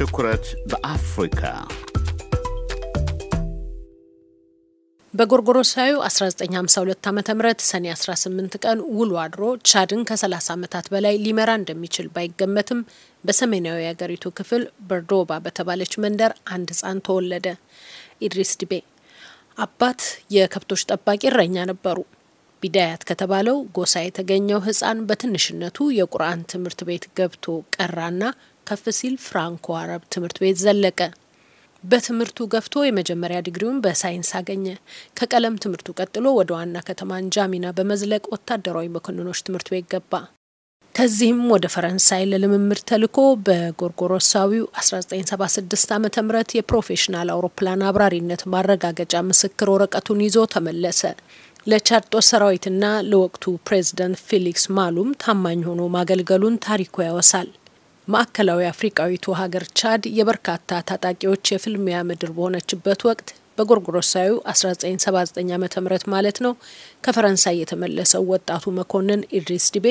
ትኩረት በአፍሪካ በጎርጎሮሳዊ 1952 ዓ ም ሰኔ 18 ቀን ውሎ አድሮ ቻድን ከ30 ዓመታት በላይ ሊመራ እንደሚችል ባይገመትም በሰሜናዊ የአገሪቱ ክፍል በርዶባ በተባለች መንደር አንድ ህፃን ተወለደ። ኢድሪስ ዲቤ አባት የከብቶች ጠባቂ እረኛ ነበሩ። ቢዳያት ከተባለው ጎሳ የተገኘው ህፃን በትንሽነቱ የቁርአን ትምህርት ቤት ገብቶ ቀራና ከፍ ሲል ፍራንኮ አረብ ትምህርት ቤት ዘለቀ። በትምህርቱ ገፍቶ የመጀመሪያ ዲግሪውን በሳይንስ አገኘ። ከቀለም ትምህርቱ ቀጥሎ ወደ ዋና ከተማ እንጃሚና በመዝለቅ ወታደራዊ መኮንኖች ትምህርት ቤት ገባ። ከዚህም ወደ ፈረንሳይ ለልምምድ ተልኮ በጎርጎሮሳዊው 1976 ዓ ም የፕሮፌሽናል አውሮፕላን አብራሪነት ማረጋገጫ ምስክር ወረቀቱን ይዞ ተመለሰ። ለቻርጦ ሰራዊትና ለወቅቱ ፕሬዝደንት ፊሊክስ ማሉም ታማኝ ሆኖ ማገልገሉን ታሪኩ ያወሳል። ማዕከላዊ አፍሪቃዊቱ ሀገር ቻድ የበርካታ ታጣቂዎች የፍልሚያ ምድር በሆነችበት ወቅት በጎርጎሮሳዊው 1979 ዓ ም ማለት ነው ከፈረንሳይ የተመለሰው ወጣቱ መኮንን ኢድሪስ ዲቤ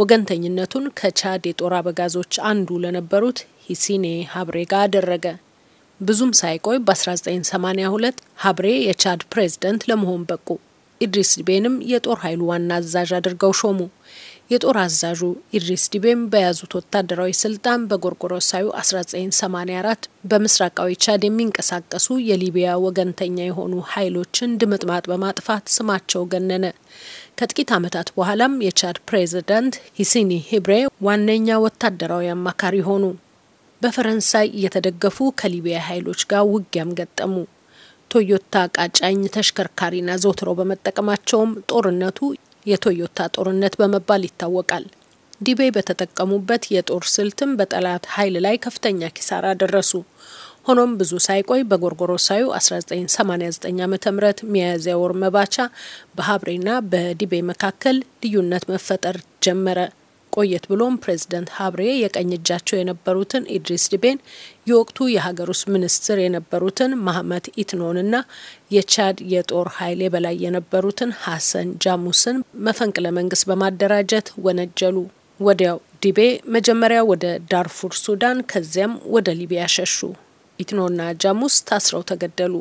ወገንተኝነቱን ከቻድ የጦር አበጋዞች አንዱ ለነበሩት ሂሲኔ ሀብሬ ጋር አደረገ። ብዙም ሳይቆይ በ1982 ሀብሬ የቻድ ፕሬዝደንት ለመሆን በቁ። ኢድሪስ ዲቤንም የጦር ኃይሉ ዋና አዛዥ አድርገው ሾሙ። የጦር አዛዡ ኢድሪስ ዲቤም በያዙት ወታደራዊ ስልጣን በጎርጎሮሳዊ 1984 በምስራቃዊ ቻድ የሚንቀሳቀሱ የሊቢያ ወገንተኛ የሆኑ ኃይሎችን ድምጥማጥ በማጥፋት ስማቸው ገነነ። ከጥቂት ዓመታት በኋላም የቻድ ፕሬዚዳንት ሂሲኒ ሂብሬ ዋነኛ ወታደራዊ አማካሪ ሆኑ። በፈረንሳይ እየተደገፉ ከሊቢያ ኃይሎች ጋር ውጊያም ገጠሙ። ቶዮታ ቃጫኝ ተሽከርካሪና ዘውትረው በመጠቀማቸውም ጦርነቱ የቶዮታ ጦርነት በመባል ይታወቃል። ዲቤይ በተጠቀሙበት የጦር ስልትም በጠላት ኃይል ላይ ከፍተኛ ኪሳራ ደረሱ። ሆኖም ብዙ ሳይቆይ በጎርጎሮሳዩ 1989 ዓ ም ሚያዝያ ወር መባቻ በሀብሬና በዲቤይ መካከል ልዩነት መፈጠር ጀመረ። ቆየት ብሎም ፕሬዚደንት ሀብሬ የቀኝ እጃቸው የነበሩትን ኢድሪስ ዲቤን የወቅቱ የሀገር ውስጥ ሚኒስትር የነበሩትን ማህመት ኢትኖንና የቻድ የጦር ኃይል የበላይ የነበሩትን ሀሰን ጃሙስን መፈንቅለ መንግስት በማደራጀት ወነጀሉ። ወዲያው ዲቤ መጀመሪያ ወደ ዳርፉር ሱዳን፣ ከዚያም ወደ ሊቢያ ሸሹ። ኢትኖና ጃሙስ ታስረው ተገደሉ።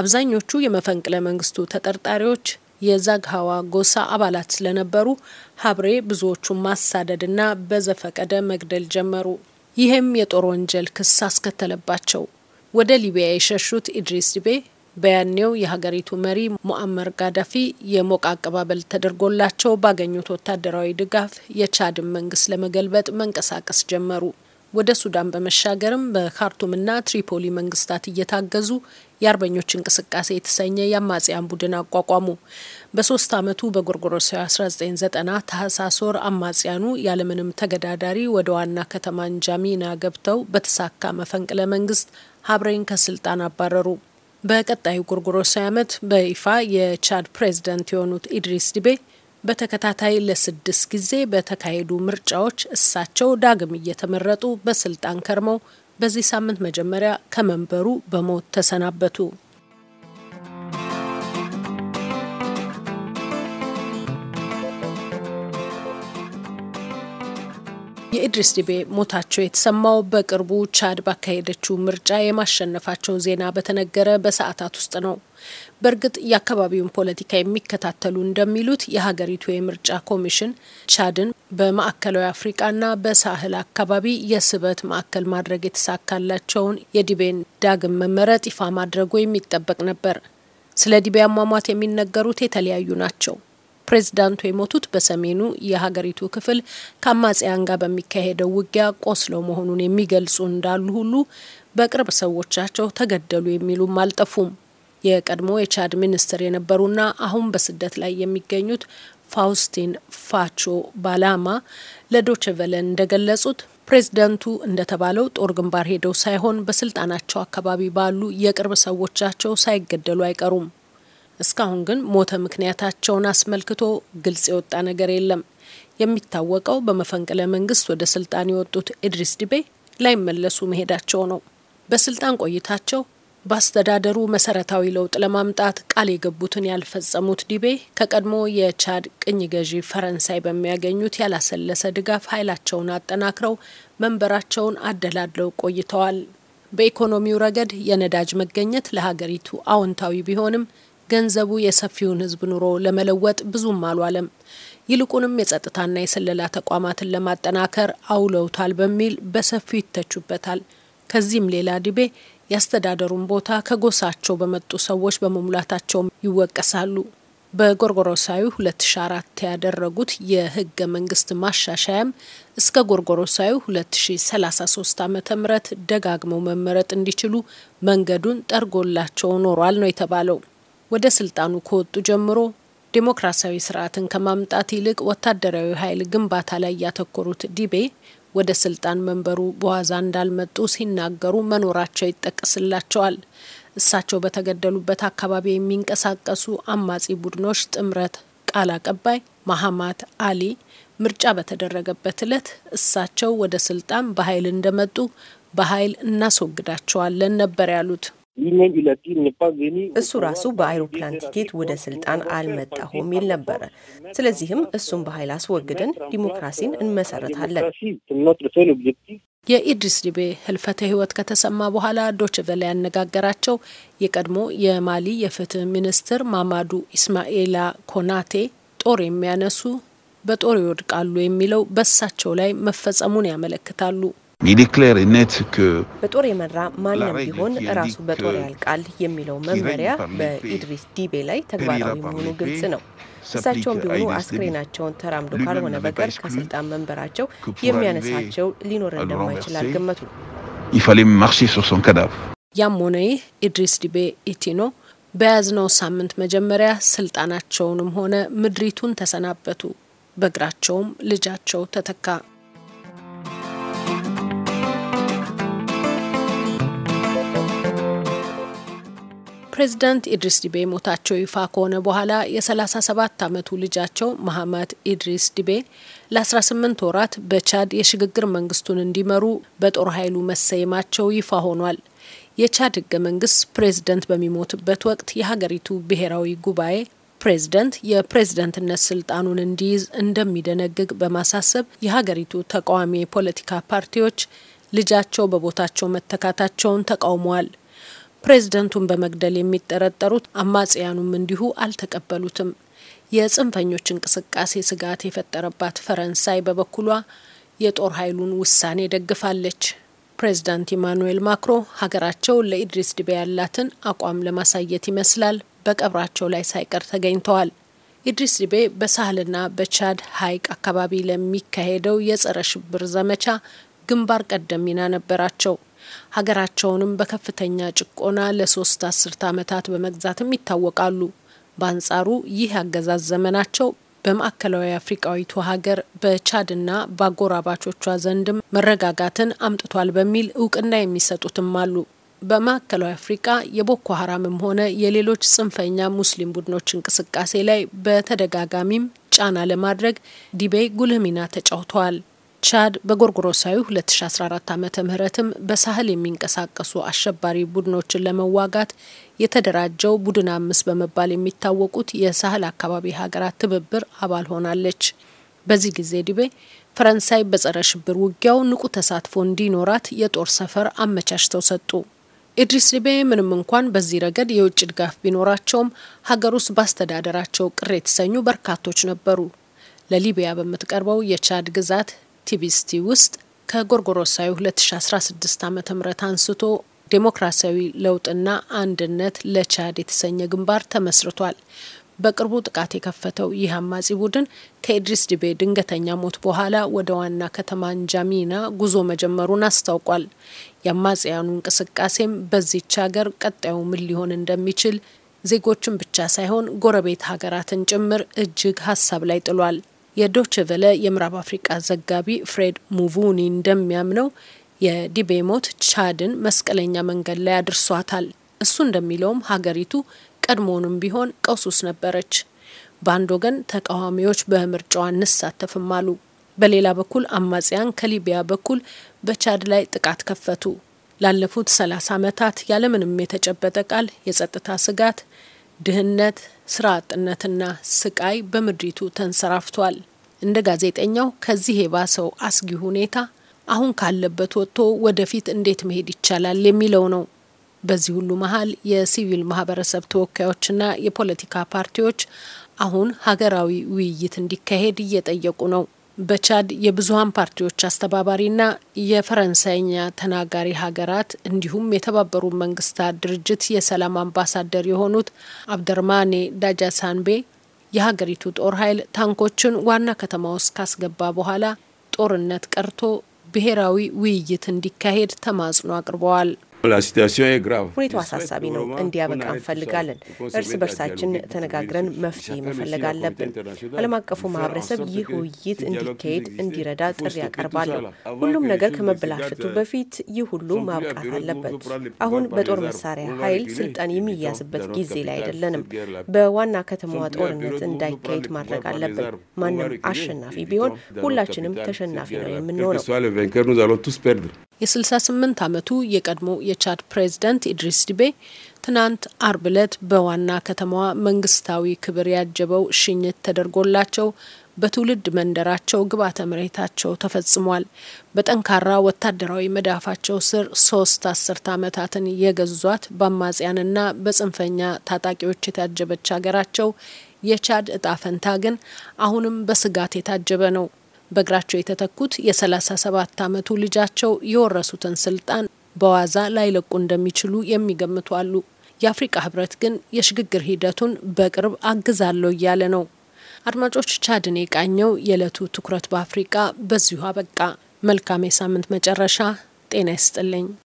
አብዛኞቹ የመፈንቅለ መንግስቱ ተጠርጣሪዎች የዛግሃዋ ጎሳ አባላት ስለነበሩ ሀብሬ ብዙዎቹን ማሳደድና በዘፈቀደ መግደል ጀመሩ። ይህም የጦር ወንጀል ክስ አስከተለባቸው። ወደ ሊቢያ የሸሹት ኢድሪስ ዲቤ በያኔው የሀገሪቱ መሪ ሙአመር ጋዳፊ የሞቅ አቀባበል ተደርጎላቸው ባገኙት ወታደራዊ ድጋፍ የቻድን መንግስት ለመገልበጥ መንቀሳቀስ ጀመሩ። ወደ ሱዳን በመሻገርም በካርቱምና ትሪፖሊ መንግስታት እየታገዙ የአርበኞች እንቅስቃሴ የተሰኘ የአማጽያን ቡድን አቋቋሙ። በሶስት አመቱ በጎርጎሮሳዊ 1990 ታህሳስ ወር አማጽያኑ ያለምንም ተገዳዳሪ ወደ ዋና ከተማ እንጃሚና ገብተው በተሳካ መፈንቅለ መንግስት ሀብሬን ከስልጣን አባረሩ። በቀጣዩ ጎርጎሮሳዊ አመት በይፋ የቻድ ፕሬዝዳንት የሆኑት ኢድሪስ ዲቤ በተከታታይ ለስድስት ጊዜ በተካሄዱ ምርጫዎች እሳቸው ዳግም እየተመረጡ በስልጣን ከርመው በዚህ ሳምንት መጀመሪያ ከመንበሩ በሞት ተሰናበቱ። የኢድሪስ ዲቤ ሞታቸው የተሰማው በቅርቡ ቻድ ባካሄደችው ምርጫ የማሸነፋቸው ዜና በተነገረ በሰዓታት ውስጥ ነው። በእርግጥ የአካባቢውን ፖለቲካ የሚከታተሉ እንደሚሉት የሀገሪቱ የምርጫ ኮሚሽን ቻድን በማዕከላዊ አፍሪቃና በሳህል አካባቢ የስበት ማዕከል ማድረግ የተሳካላቸውን የዲቤን ዳግም መመረጥ ይፋ ማድረጉ የሚጠበቅ ነበር። ስለ ዲቤ አሟሟት የሚነገሩት የተለያዩ ናቸው። ፕሬዝዳንቱ የሞቱት በሰሜኑ የሀገሪቱ ክፍል ከአማጽያን ጋር በሚካሄደው ውጊያ ቆስለው መሆኑን የሚገልጹ እንዳሉ ሁሉ በቅርብ ሰዎቻቸው ተገደሉ የሚሉም አልጠፉም። የቀድሞ የቻድ ሚኒስትር የነበሩና አሁን በስደት ላይ የሚገኙት ፋውስቲን ፋቾ ባላማ ለዶችቨለ እንደገለጹት ፕሬዚደንቱ እንደተባለው ጦር ግንባር ሄደው ሳይሆን በስልጣናቸው አካባቢ ባሉ የቅርብ ሰዎቻቸው ሳይገደሉ አይቀሩም። እስካሁን ግን ሞተ ምክንያታቸውን አስመልክቶ ግልጽ የወጣ ነገር የለም። የሚታወቀው በመፈንቅለ መንግስት ወደ ስልጣን የወጡት ኢድሪስ ዲቤ ላይመለሱ መሄዳቸው ነው። በስልጣን ቆይታቸው በአስተዳደሩ መሰረታዊ ለውጥ ለማምጣት ቃል የገቡትን ያልፈጸሙት ዲቤ ከቀድሞ የቻድ ቅኝ ገዢ ፈረንሳይ በሚያገኙት ያላሰለሰ ድጋፍ ኃይላቸውን አጠናክረው መንበራቸውን አደላድለው ቆይተዋል። በኢኮኖሚው ረገድ የነዳጅ መገኘት ለሀገሪቱ አዎንታዊ ቢሆንም ገንዘቡ የሰፊውን ህዝብ ኑሮ ለመለወጥ ብዙም አልዋለም። ይልቁንም የጸጥታና የስለላ ተቋማትን ለማጠናከር አውለውታል በሚል በሰፊው ይተቹበታል። ከዚህም ሌላ ዲቤ ያስተዳደሩን ቦታ ከጎሳቸው በመጡ ሰዎች በመሙላታቸውም ይወቀሳሉ። በጎርጎሮሳዊ 2004 ያደረጉት የህገ መንግስት ማሻሻያም እስከ ጎርጎሮሳዊ 2033 ዓ ም ደጋግመው መመረጥ እንዲችሉ መንገዱን ጠርጎላቸው ኖሯል ነው የተባለው። ወደ ስልጣኑ ከወጡ ጀምሮ ዴሞክራሲያዊ ስርዓትን ከማምጣት ይልቅ ወታደራዊ ኃይል ግንባታ ላይ ያተኮሩት ዲቤ ወደ ስልጣን መንበሩ በዋዛ እንዳልመጡ ሲናገሩ መኖራቸው ይጠቀስላቸዋል። እሳቸው በተገደሉበት አካባቢ የሚንቀሳቀሱ አማጺ ቡድኖች ጥምረት ቃል አቀባይ ማሀማት አሊ ምርጫ በተደረገበት እለት እሳቸው ወደ ስልጣን በኃይል እንደመጡ በኃይል እናስወግዳቸዋለን ነበር ያሉት። እሱ ራሱ በአይሮፕላን ቲኬት ወደ ስልጣን አልመጣሁም ይል ነበረ። ስለዚህም እሱን በኃይል አስወግደን ዲሞክራሲን እንመሰረታለን። የኢድሪስ ዲቤ ህልፈተ ህይወት ከተሰማ በኋላ ዶችቨላ ያነጋገራቸው የቀድሞ የማሊ የፍትህ ሚኒስትር ማማዱ ኢስማኤላ ኮናቴ ጦር የሚያነሱ በጦር ይወድቃሉ የሚለው በሳቸው ላይ መፈጸሙን ያመለክታሉ። በጦር የመራ ማንም ቢሆን ራሱ በጦር ያልቃል የሚለው መመሪያ በኢድሪስ ዲቤ ላይ ተግባራዊ መሆኑ ግልጽ ነው። እሳቸውም ቢሆኑ አስክሬናቸውን ተራምዶ ካልሆነ በቀር ከስልጣን መንበራቸው የሚያነሳቸው ሊኖር እንደማይችል አልገመቱ። ያም ሆነ ይህ ኢድሪስ ዲቤ ኢቲኖ በያዝነው ሳምንት መጀመሪያ ስልጣናቸውንም ሆነ ምድሪቱን ተሰናበቱ። በእግራቸውም ልጃቸው ተተካ። ፕሬዚዳንት ኢድሪስ ዲቤ ሞታቸው ይፋ ከሆነ በኋላ የ37 ዓመቱ ልጃቸው መሐመድ ኢድሪስ ዲቤ ለ18 ወራት በቻድ የሽግግር መንግስቱን እንዲመሩ በጦር ኃይሉ መሰየማቸው ይፋ ሆኗል። የቻድ ህገ መንግስት ፕሬዝደንት በሚሞትበት ወቅት የሀገሪቱ ብሔራዊ ጉባኤ ፕሬዝደንት የፕሬዝደንትነት ስልጣኑን እንዲይዝ እንደሚደነግግ በማሳሰብ የሀገሪቱ ተቃዋሚ የፖለቲካ ፓርቲዎች ልጃቸው በቦታቸው መተካታቸውን ተቃውመዋል። ፕሬዝደንቱን በመግደል የሚጠረጠሩት አማጽያኑም እንዲሁ አልተቀበሉትም። የጽንፈኞች እንቅስቃሴ ስጋት የፈጠረባት ፈረንሳይ በበኩሏ የጦር ኃይሉን ውሳኔ ደግፋለች። ፕሬዝዳንት ኢማኑኤል ማክሮ ሀገራቸው ለኢድሪስ ድቤ ያላትን አቋም ለማሳየት ይመስላል በቀብራቸው ላይ ሳይቀር ተገኝተዋል። ኢድሪስ ድቤ በሳህልና በቻድ ሐይቅ አካባቢ ለሚካሄደው የጸረ ሽብር ዘመቻ ግንባር ቀደም ሚና ነበራቸው። ሀገራቸውንም በከፍተኛ ጭቆና ለሶስት አስርት ዓመታት በመግዛትም ይታወቃሉ። በአንጻሩ ይህ አገዛዝ ዘመናቸው በማዕከላዊ አፍሪቃዊቱ ሀገር በቻድና በአጎራባቾቿ ዘንድም መረጋጋትን አምጥቷል በሚል እውቅና የሚሰጡትም አሉ። በማዕከላዊ አፍሪቃ የቦኮ ሀራምም ሆነ የሌሎች ጽንፈኛ ሙስሊም ቡድኖች እንቅስቃሴ ላይ በተደጋጋሚም ጫና ለማድረግ ዲቤይ ጉልህ ሚና ተጫውተዋል። ቻድ በጎርጎሮሳዊ 2014 ዓ ምህረትም በሳህል የሚንቀሳቀሱ አሸባሪ ቡድኖችን ለመዋጋት የተደራጀው ቡድን አምስት በመባል የሚታወቁት የሳህል አካባቢ ሀገራት ትብብር አባል ሆናለች። በዚህ ጊዜ ዲቤ ፈረንሳይ በጸረ ሽብር ውጊያው ንቁ ተሳትፎ እንዲኖራት የጦር ሰፈር አመቻችተው ሰጡ። ኢድሪስ ዲቤ ምንም እንኳን በዚህ ረገድ የውጭ ድጋፍ ቢኖራቸውም ሀገር ውስጥ በአስተዳደራቸው ቅር የተሰኙ በርካቶች ነበሩ። ለሊቢያ በምትቀርበው የቻድ ግዛት አክቲቪስቲ ውስጥ ከጎርጎሮሳዊ 2016 ዓ ም አንስቶ ዴሞክራሲያዊ ለውጥና አንድነት ለቻድ የተሰኘ ግንባር ተመስርቷል። በቅርቡ ጥቃት የከፈተው ይህ አማጺ ቡድን ከኢድሪስ ዲቤ ድንገተኛ ሞት በኋላ ወደ ዋና ከተማ እንጃሚና ጉዞ መጀመሩን አስታውቋል። የአማጽያኑ እንቅስቃሴም በዚች ሀገር ቀጣዩ ምን ሊሆን እንደሚችል ዜጎችን ብቻ ሳይሆን ጎረቤት ሀገራትን ጭምር እጅግ ሀሳብ ላይ ጥሏል። የዶች ቨለ የምዕራብ አፍሪቃ ዘጋቢ ፍሬድ ሙቡኒ እንደሚያምነው የዲቤ ሞት ቻድን መስቀለኛ መንገድ ላይ አድርሷታል። እሱ እንደሚለውም ሀገሪቱ ቀድሞውንም ቢሆን ቀውሱስ ነበረች። በአንድ ወገን ተቃዋሚዎች በምርጫው አንሳተፍም አሉ። በሌላ በኩል አማጽያን ከሊቢያ በኩል በቻድ ላይ ጥቃት ከፈቱ። ላለፉት ሰላሳ ዓመታት ያለምንም የተጨበጠ ቃል የጸጥታ ስጋት ድህነት፣ ስራ አጥነትና ስቃይ በምድሪቱ ተንሰራፍቷል። እንደ ጋዜጠኛው ከዚህ የባሰው አስጊ ሁኔታ አሁን ካለበት ወጥቶ ወደፊት እንዴት መሄድ ይቻላል የሚለው ነው። በዚህ ሁሉ መሀል የሲቪል ማህበረሰብ ተወካዮችና የፖለቲካ ፓርቲዎች አሁን ሀገራዊ ውይይት እንዲካሄድ እየጠየቁ ነው። በቻድ የብዙሀን ፓርቲዎች አስተባባሪና የፈረንሳይኛ ተናጋሪ ሀገራት እንዲሁም የተባበሩ መንግስታት ድርጅት የሰላም አምባሳደር የሆኑት አብደርማኔ ዳጃሳንቤ የሀገሪቱ ጦር ኃይል ታንኮችን ዋና ከተማ ውስጥ ካስገባ በኋላ ጦርነት ቀርቶ ብሔራዊ ውይይት እንዲካሄድ ተማጽኖ አቅርበዋል። ሁኔታው አሳሳቢ ነው። እንዲያበቃ እንፈልጋለን። እርስ በርሳችን ተነጋግረን መፍትሄ መፈለግ አለብን። ዓለም አቀፉ ማህበረሰብ ይህ ውይይት እንዲካሄድ እንዲረዳ ጥሪ ያቀርባለሁ። ሁሉም ነገር ከመበላሸቱ በፊት ይህ ሁሉ ማብቃት አለበት። አሁን በጦር መሳሪያ ኃይል ስልጣን የሚያዝበት ጊዜ ላይ አይደለንም። በዋና ከተማዋ ጦርነት እንዳይካሄድ ማድረግ አለብን። ማንም አሸናፊ ቢሆን ሁላችንም ተሸናፊ ነው የምንሆነው። የ68 ዓመቱ የቀድሞ የቻድ ፕሬዝዳንት ኢድሪስ ዲቤ ትናንት አርብ ዕለት በዋና ከተማዋ መንግስታዊ ክብር ያጀበው ሽኝት ተደርጎላቸው በትውልድ መንደራቸው ግብዓተ መሬታቸው ተፈጽሟል። በጠንካራ ወታደራዊ መዳፋቸው ስር ሶስት አስርት ዓመታትን የገዟት በአማጽያንና በጽንፈኛ ታጣቂዎች የታጀበች ሀገራቸው የቻድ እጣ ፈንታ ግን አሁንም በስጋት የታጀበ ነው። በእግራቸው የተተኩት የ37 ዓመቱ ልጃቸው የወረሱትን ስልጣን በዋዛ ላይለቁ እንደሚችሉ የሚገምቱ አሉ። የአፍሪቃ ህብረት ግን የሽግግር ሂደቱን በቅርብ አግዛለሁ እያለ ነው። አድማጮች፣ ቻድን የቃኘው የዕለቱ ትኩረት በአፍሪቃ በዚሁ አበቃ። መልካም የሳምንት መጨረሻ። ጤና ይስጥልኝ።